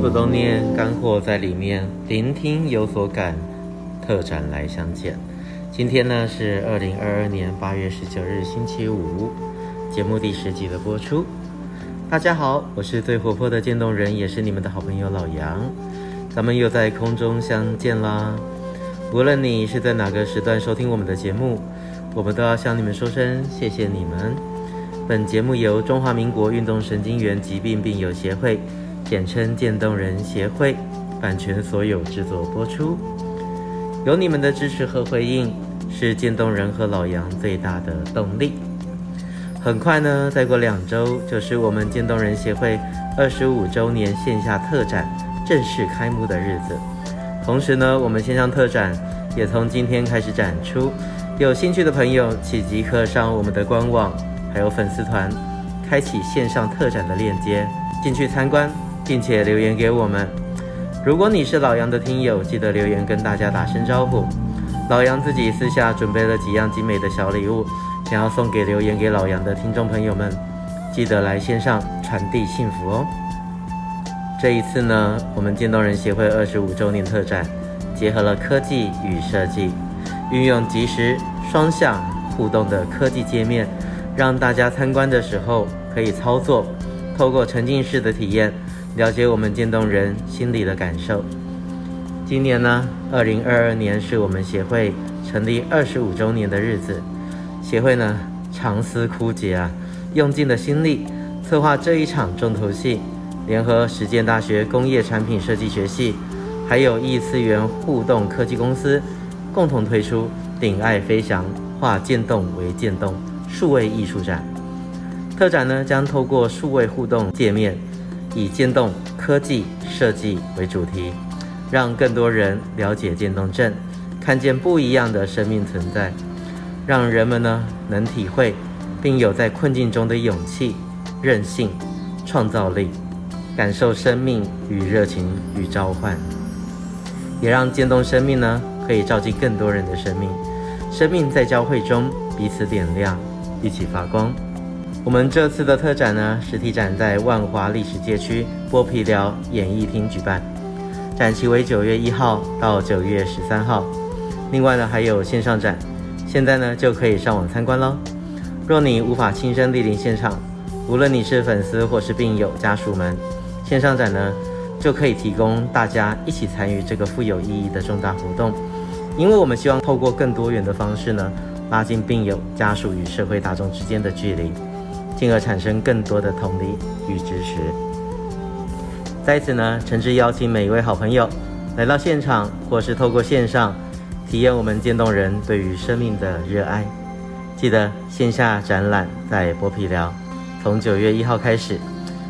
不凍念，乾貨在裡面，聆聽有所感，特展來相見。今天呢是二零二二年八月十九日星期五，節目第十集的播出。大家好，我是最活潑的漸凍人，也是你們的好朋友老楊，咱們又在空中相見啦。無論你是在哪個時段收聽我們的節目，我們都要向你們說聲謝謝你們。本節目由中華民國運動神經元疾病病友協會。簡稱“漸凍人協會”，版權所有，製作播出。有你們的支持和回應，是漸凍人和老楊最大的動力。很快呢，再過兩周就是我們漸凍人協會二十五周年線下特展正式開幕的日子。同時呢，我們線上特展也從今天開始展出。有興趣的朋友，請即刻上我們的官網還有粉絲團，開啟線上特展的鏈接，進去參觀。並且留言給我們。如果你是老楊的聽友，記得留言跟大家打聲招呼。老楊自己私下準備了幾樣精美的小禮物，想要送給留言給老楊的聽眾朋友們，記得來線上傳遞幸福哦。這一次呢，我們漸凍人協會二十五周年特展，結合了科技與設計，運用即時雙向互動的科技界面，讓大家參觀的時候可以操作，透過沉浸式的體驗。了解我們漸凍人心裡的感受。今年呢，二零二二年是我們協會成立二十五周年的日子。協會呢，長思枯竭啊，用盡了心力策劃這一場重頭戲。聯合實踐大學工業產品設計學系，還有異次元互動科技公司，共同推出“頂愛飛翔，化漸凍為漸動”數位藝術展。特展呢，將透過數位互動界面。以漸凍科技設計為主題，讓更多人了解漸凍症，看見不一樣的生命存在，讓人們呢能體會，並有在困境中的勇氣、韌性、創造力，感受生命與熱情與召喚，也讓漸凍生命呢可以照進更多人的生命，生命在交匯中彼此點亮，一起發光。我們這次的特展呢，實體展在萬華歷史街區剝皮寮演藝廳舉辦，展期為九月一號到九月十三號。另外呢，還有線上展，現在呢就可以上網參觀嘍。若你無法親身蒞臨現場，無論你是粉絲或是病友家屬們，線上展呢就可以提供大家一起參與這個富有意義的重大活動。因為我們希望透過更多元的方式呢，拉近病友家屬與社會大眾之間的距離。進而產生更多的同理與支持。在此呢，誠摯邀請每一位好朋友來到現場，或是透過線上體驗我們漸凍人對於生命的熱愛。記得線下展覽在剝皮寮，從九月一號開始。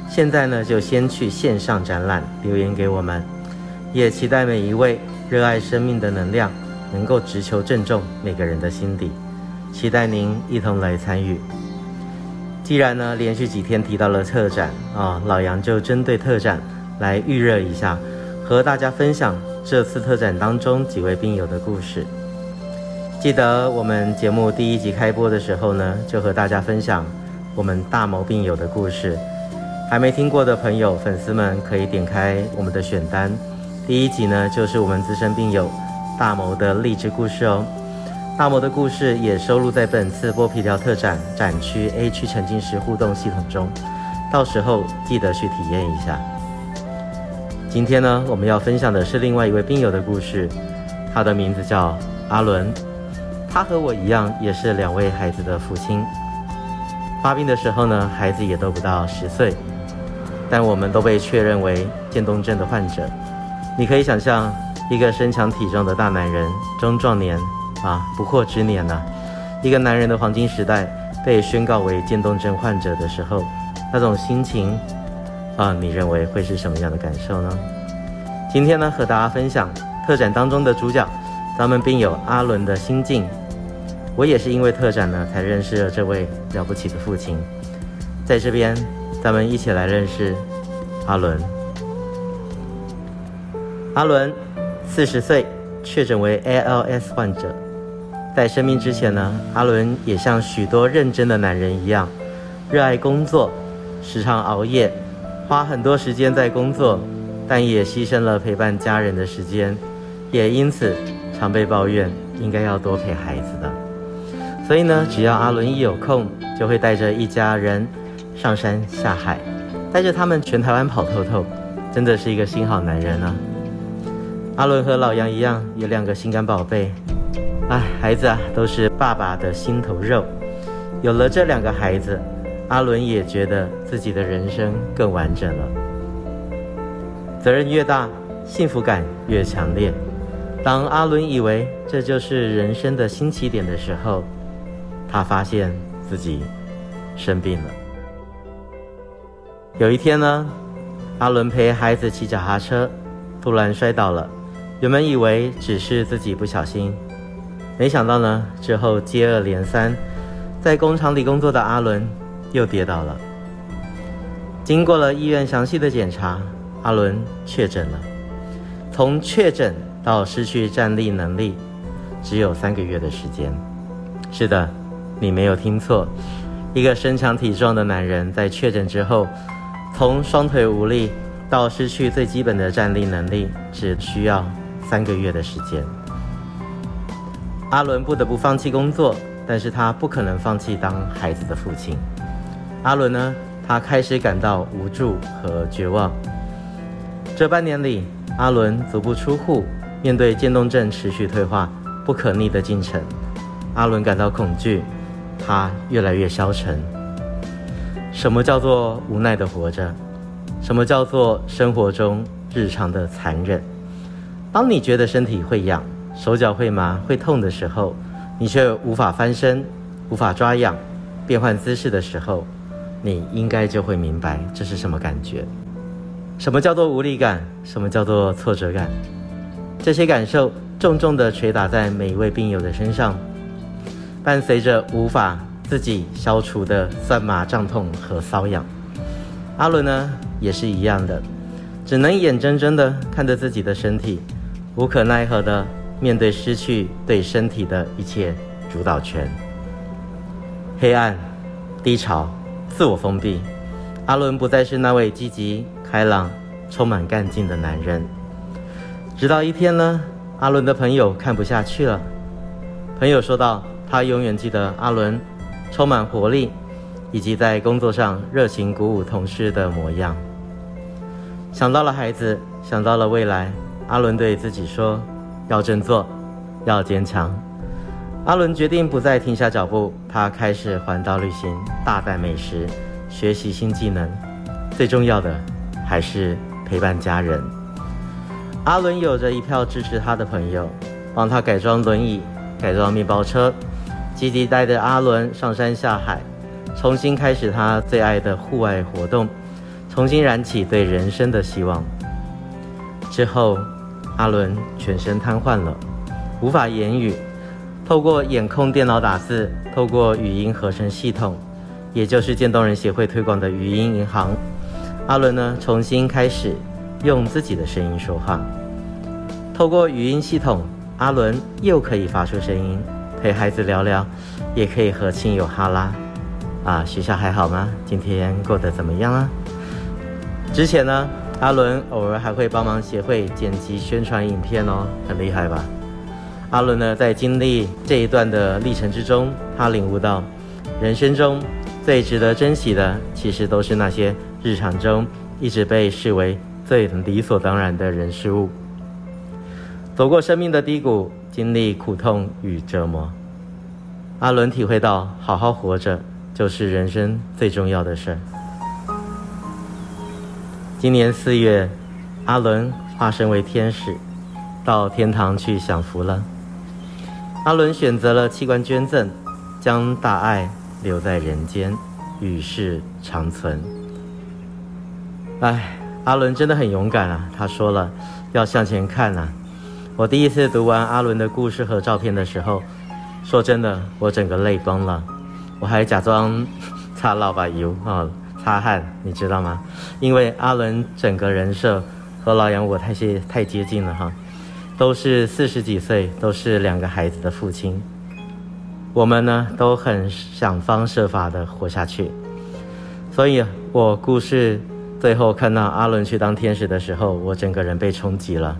現在呢，就先去線上展覽留言給我們，也期待每一位熱愛生命的能量能夠直球正中每個人的心底。期待您一同來參與。既然呢，連續幾天提到了特展啊，哦，老楊就針對特展來預熱一下，和大家分享這次特展當中幾位病友的故事。記得我們節目第一集開播的時候呢，就和大家分享我們大謀病友的故事。還沒聽過的朋友、粉絲們可以點開我們的選單，第一集呢，就是我們資深病友大謀的勵志故事哦。大魔的故事也收錄在本次剝皮寮特展展區 A 區沉浸式互動系統中，到時候記得去體驗一下。今天呢，我們要分享的是另外一位病友的故事，他的名字叫阿倫，他和我一樣也是兩位孩子的父親。發病的時候呢，孩子也都不到十歲，但我們都被確認為漸凍症的患者。你可以想象，一個身強體壯的大男人，中壯年。啊，不惑之年吶，啊，一個男人的黃金時代，被宣告為漸凍症患者的時候，那種心情，啊，你認為會是什麼樣的感受呢？今天呢，和大家分享特展當中的主角，咱們病友阿倫的心境。我也是因為特展呢，才認識了這位了不起的父親。在這邊，咱們一起來認識阿倫。阿倫，四十歲，確診為 ALS 患者。在生病之前呢，阿倫也像許多認真的男人一樣，熱愛工作，時常熬夜，花很多時間在工作，但也犧牲了陪伴家人的時間，也因此常被抱怨應該要多陪孩子的。所以呢，只要阿倫一有空，就會帶着一家人上山下海，帶着他們全台灣跑透透，真的是一個新好男人啊。阿倫和老楊一樣，有兩個心肝寶貝。哎，孩子啊，都是爸爸的心頭肉。有了這兩個孩子，阿倫也覺得自己的人生更完整了。責任越大，幸福感越強烈。當阿倫以為這就是人生的新起點的時候，他發現自己生病了。有一天呢，阿倫陪孩子騎腳踏車，突然摔倒了。原本以為只是自己不小心。沒想到呢，之後接二連三，在工廠裡工作的阿倫又跌倒了。經過了醫院詳細的檢查，阿倫確診了。從確診到失去站立能力，只有三個月的時間。是的，你沒有聽錯，一個身強體壯的男人在確診之後，從雙腿無力到失去最基本的站立能力，只需要三個月的時間。阿倫不得不放棄工作，但是他不可能放棄當孩子的父親。阿倫呢？他開始感到無助和絕望。這半年裡，阿倫足不出戶，面對漸凍症持續退化、不可逆的進程，阿倫感到恐懼。他越來越消沉。什麼叫做無奈地活着？什麼叫做生活中日常的殘忍？當你覺得身體會癢，手腳會麻會痛的時候，你卻無法翻身，無法抓癢，變換姿勢的時候，你應該就會明白這是什麼感覺。什麼叫做無力感？什麼叫做挫折感？這些感受重重地捶打在每一位病友的身上，伴隨着無法自己消除的痠麻脹痛和瘙癢。阿倫呢，也是一樣的，只能眼睜睜地看着自己的身體，無可奈何的。面對失去對身體的一切主導權，黑暗、低潮、自我封閉，阿倫不再是那位積極、開朗、充滿幹勁的男人。直到一天呢，阿倫的朋友看不下去了。朋友說道，他永遠記得阿倫充滿活力，以及在工作上熱情鼓舞同事的模樣。想到了孩子，想到了未來，阿倫對自己說。要振作，要堅強。阿倫決定不再停下腳步，他開始環島旅行，大啖美食，學習新技能。最重要的，還是陪伴家人。阿倫有着一票支持他的朋友，幫他改裝輪椅，改裝麵包車，積極帶着阿倫上山下海，重新開始他最愛的戶外活動，重新燃起對人生的希望。之後。阿倫全身癱瘓了，無法言語。透過眼控電腦打字，透過語音合成系統，也就是漸凍人協會推廣的語音銀行，阿倫呢，重新開始用自己的聲音說話。透過語音系統，阿倫又可以發出聲音，陪孩子聊聊，也可以和親友哈拉。啊，學校還好嗎？今天過得怎麼樣啊？之前呢？阿倫偶爾還會幫忙協會剪輯宣傳影片哦，很厲害吧？阿倫呢，在經歷這一段的歷程之中，他領悟到，人生中最值得珍惜的，其實都是那些日常中一直被視為最理所當然的人事物。走過生命的低谷，經歷苦痛與折磨，阿倫體會到，好好活着就是人生最重要的事。今年四月，阿倫化身為天使，到天堂去享福了。阿倫選擇了器官捐贈，將大愛留在人間，與世長存。哎，阿倫真的很勇敢啊！他說了要向前看啊。我第一次讀完阿倫的故事和照片的時候，說真的，我整個淚崩了。我還假裝呵呵擦了把油啊。哦擦漢，你知道嗎？因為阿倫整個人設和老楊我太接太接近了哈，都是四十幾歲，都是兩個孩子的父親，我們呢都很想方設法的活下去，所以我故事最後看到阿倫去當天使的時候，我整個人被衝擊了。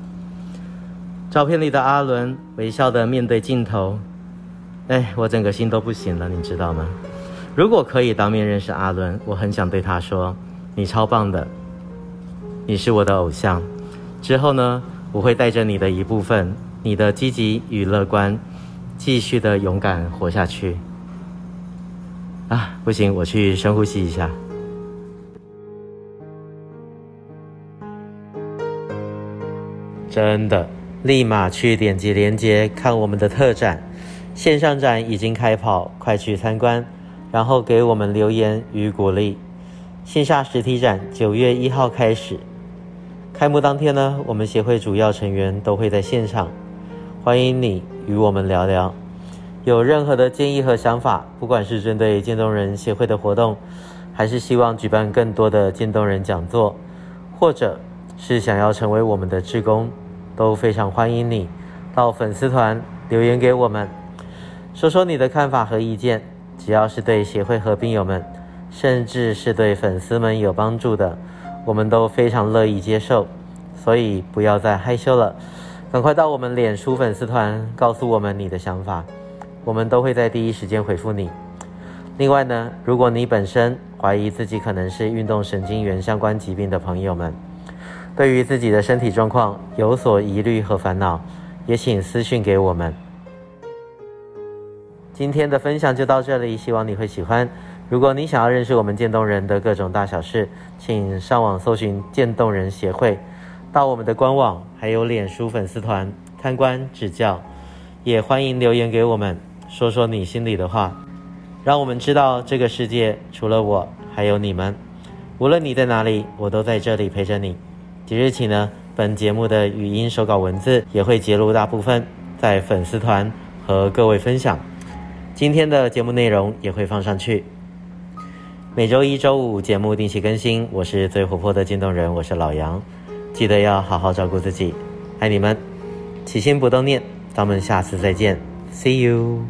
照片裡的阿倫微笑的面對鏡頭，哎，我整個心都不行了，你知道嗎？如果可以當面認識阿倫，我很想對他說：“你超棒的，你是我的偶像。”之後呢，我會帶着你的一部分，你的積極與樂觀，繼續的勇敢活下去。啊，不行，我去深呼吸一下。真的，立馬去點擊鏈接看我們的特展，線上展已經開跑，快去參觀。然後給我們留言與鼓勵。線下實體展九月一號開始，開幕當天呢，我們協會主要成員都會在現場，歡迎你與我們聊聊。有任何的建議和想法，不管是針對漸凍人協會的活動，還是希望舉辦更多的漸凍人講座，或者是想要成為我們的志工，都非常歡迎你到粉絲團留言給我們，說說你的看法和意見。只要是對協會和病友們，甚至是對粉絲們有幫助的，我們都非常樂意接受。所以不要再害羞了，趕快到我們臉書粉絲團告訴我們你的想法，我們都會在第一時間回復你。另外呢，如果你本身懷疑自己可能是運動神經元相關疾病的朋友們，對於自己的身體狀況有所疑慮和煩惱，也請私訊給我們。今天的分享就到這裡，希望你會喜歡。如果你想要認識我們漸凍人的各種大小事，請上網搜尋漸凍人協會，到我們的官網還有臉書粉絲團參觀指教，也歡迎留言給我們，說說你心裡的話，讓我們知道這個世界除了我還有你們。無論你在哪裡，我都在這裡陪着你。即日起呢，本節目的語音手稿文字也會節錄大部分在粉絲團和各位分享。今天的節目內容也會放上去，每週一、週五節目定期更新。我是最活潑的漸凍人，我是老楊，記得要好好照顧自己，愛你們，起心不凍念，咱們下次再見，See you。